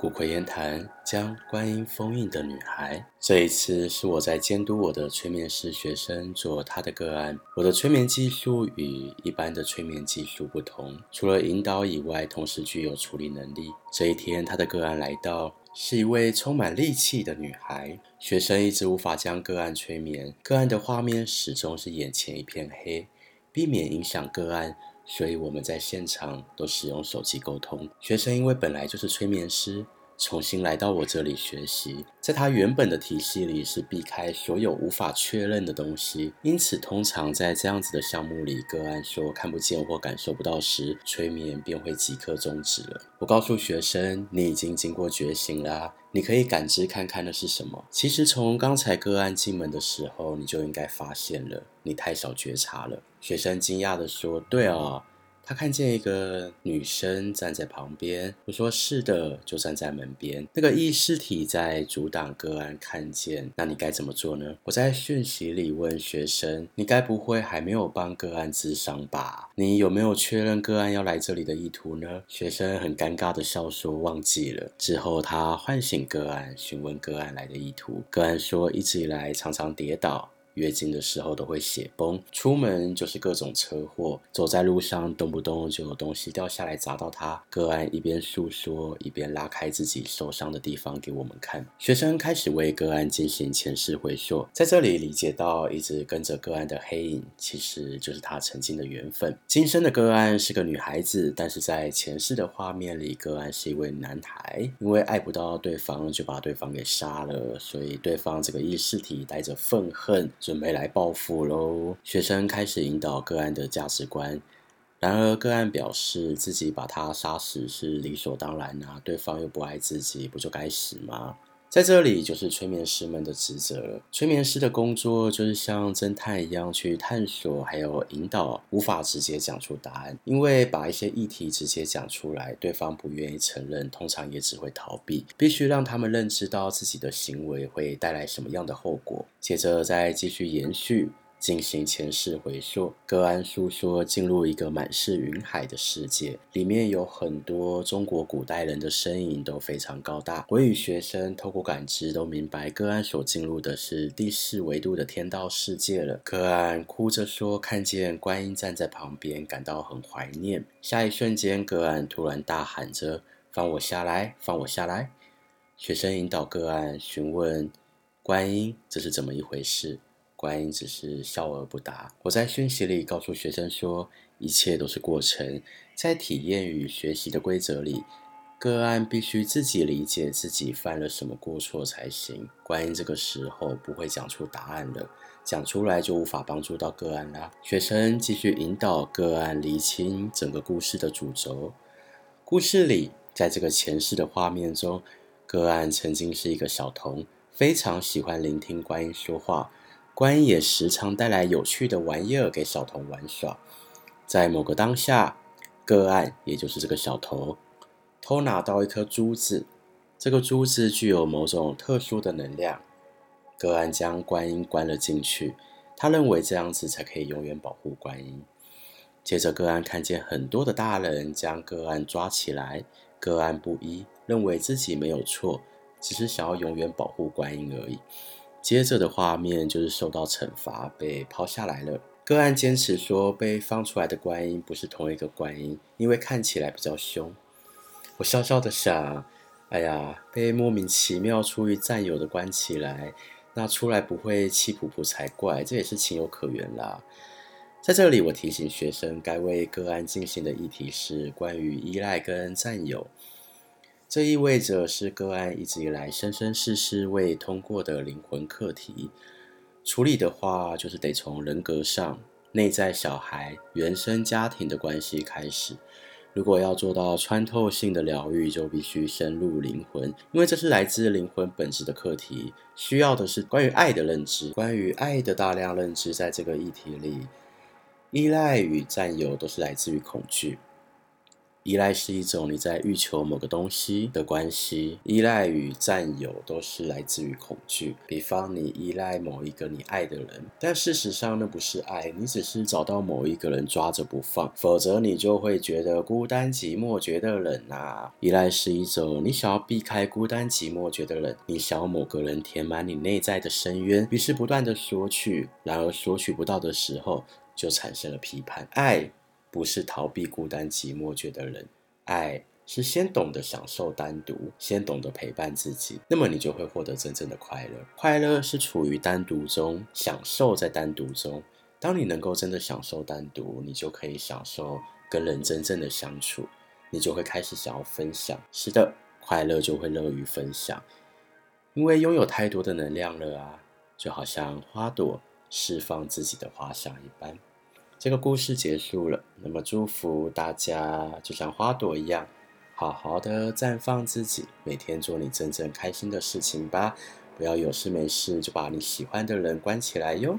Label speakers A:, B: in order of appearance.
A: 骨灰言談，將觀音封印的女孩，這一次是我在監督我的催眠師學生做她的個案。我的催眠技術與一般的催眠技術不同，除了引導以外，同時具有處理能力。這一天，她的個案來到，是一位充滿戾氣的女孩。學生一直無法將個案催眠，個案的畫面始終是眼前一片黑，避免影響個案。所以我們在現場都使用手機溝通。學生因為本來就是催眠師，重新來到我這裡學習，在他原本的體系裡是避開所有無法確認的東西。因此，通常在這樣子的項目裡，個案說看不見或感受不到時，催眠便會即刻終止了。我告訴學生，你已經經過覺醒啦，你可以感知看看那是什麼。其實從剛才個案進門的時候，你就應該發現了，你太少覺察了。學生驚訝地說：“對哦，他看見一個女生站在旁邊。”我說：“是的，就站在門邊。那個意識體在阻擋個案看見。那你該怎麼做呢？”我在訊息裡問學生：“你該不會還沒有幫個案治傷吧？你有沒有確認個案要來這裡的意圖呢？”學生很尷尬地笑說：“忘記了。”之後他喚醒個案，詢問個案來的意圖。個案說：“一直以來常常跌倒。”月經的時候都會血崩，出門就是各種車禍，走在路上動不動就有東西掉下來砸到他。個案一邊訴說，一邊拉開自己受傷的地方給我們看。學生開始為個案進行前世回溯，在這裡理解到一直跟着個案的黑影，其實就是他曾經的緣分。今生的個案是個女孩子，但是在前世的畫面裡，個案是一位男孩，因為愛不到對方，就把對方給殺了，所以對方這個意識體帶着憤恨。準備來報復嘍！學生開始引導個案的價值觀，然而個案表示自己把他殺死是理所當然啊，對方又不愛自己，不就該死嗎？在這裡，就是催眠師們的職責了。催眠師的工作就是像偵探一樣去探索，還有引導。無法直接講出答案，因為把一些議題直接講出來，對方不願意承認，通常也只會逃避。必須讓他們認知到自己的行為會帶來什麼樣的後果，接着再繼續延續。進行前世回溯，個案訴說進入一個滿是雲海的世界，裡面有很多中國古代人的身影都非常高大。我與學生透過感知都明白，個案所進入的是第四維度的天道世界了。個案哭着說，看見觀音站在旁邊，感到很懷念。下一瞬間，個案突然大喊着：“放我下來！放我下來！”學生引導個案詢問觀音：“這是怎麼一回事？”觀音只是笑而不答。我在訊息裡告訴學生說：“一切都是過程，在體驗與學習的規則裡，個案必須自己理解自己犯了什麼過錯才行。觀音這個時候不會講出答案的，講出來就無法幫助到個案了。”學生繼續引導個案釐清整個故事的主軸。故事裡，在這個前世的畫面中，個案曾經是一個小童，非常喜歡聆聽觀音說話。觀音也時常帶來有趣的玩意兒給小童玩耍。在某個當下，個案也就是這個小童偷，偷拿到一顆珠子，這個珠子具有某種特殊的能量。個案將觀音關了進去，他認為這樣子才可以永遠保護觀音。接着，個案看見很多的大人將個案抓起來，個案不依，認為自己沒有錯，只是想要永遠保護觀音而已。接着的畫面就是受到懲罰，被拋下來了。個案堅持說被放出來的觀音不是同一個觀音，因為看起來比較兇。我笑笑的想：哎呀，被莫名其妙出於佔有的關起來，那出來不會氣噗噗才怪，這也是情有可原啦。在這裡，我提醒學生，該為個案進行的議題是關於依賴跟占有。這意味着是個案一直以來生生世世未通過的靈魂課題。處理的話，就是得從人格上、內在小孩、原生家庭的關係開始。如果要做到穿透性的療癒，就必須深入靈魂，因為這是來自靈魂本質的課題。需要的是關於愛的認知，關於愛的大量認知，在這個議題裡，依賴與占有都是來自於恐懼。依賴是一種你在欲求某個東西的關係，依賴與佔有都是來自於恐懼。比方你依賴某一個你愛的人，但事實上那不是愛，你只是找到某一個人抓着不放，否則你就會覺得孤單寂寞、覺得冷。啊。依賴是一種你想要避開孤單寂寞、覺得冷，你想要某個人填滿你內在的深淵，於是不斷地索取，然而索取不到的時候就產生了批判。愛。不是逃避孤單寂寞覺得冷，愛是先懂得享受單獨，先懂得陪伴自己，那麼你就會獲得真正的快樂。快樂是處於單獨中享受，在單獨中，當你能夠真的享受單獨，你就可以享受跟人真正的相處，你就會開始想要分享。是的，快樂就會樂於分享，因為擁有太多的能量了啊，就好像花朵釋放自己的花香一般。這個故事結束了，那麼祝福大家，就像花朵一樣，好好的綻放自己，每天做你真正開心的事情吧，不要有事沒事就把你喜歡的人關起來喲。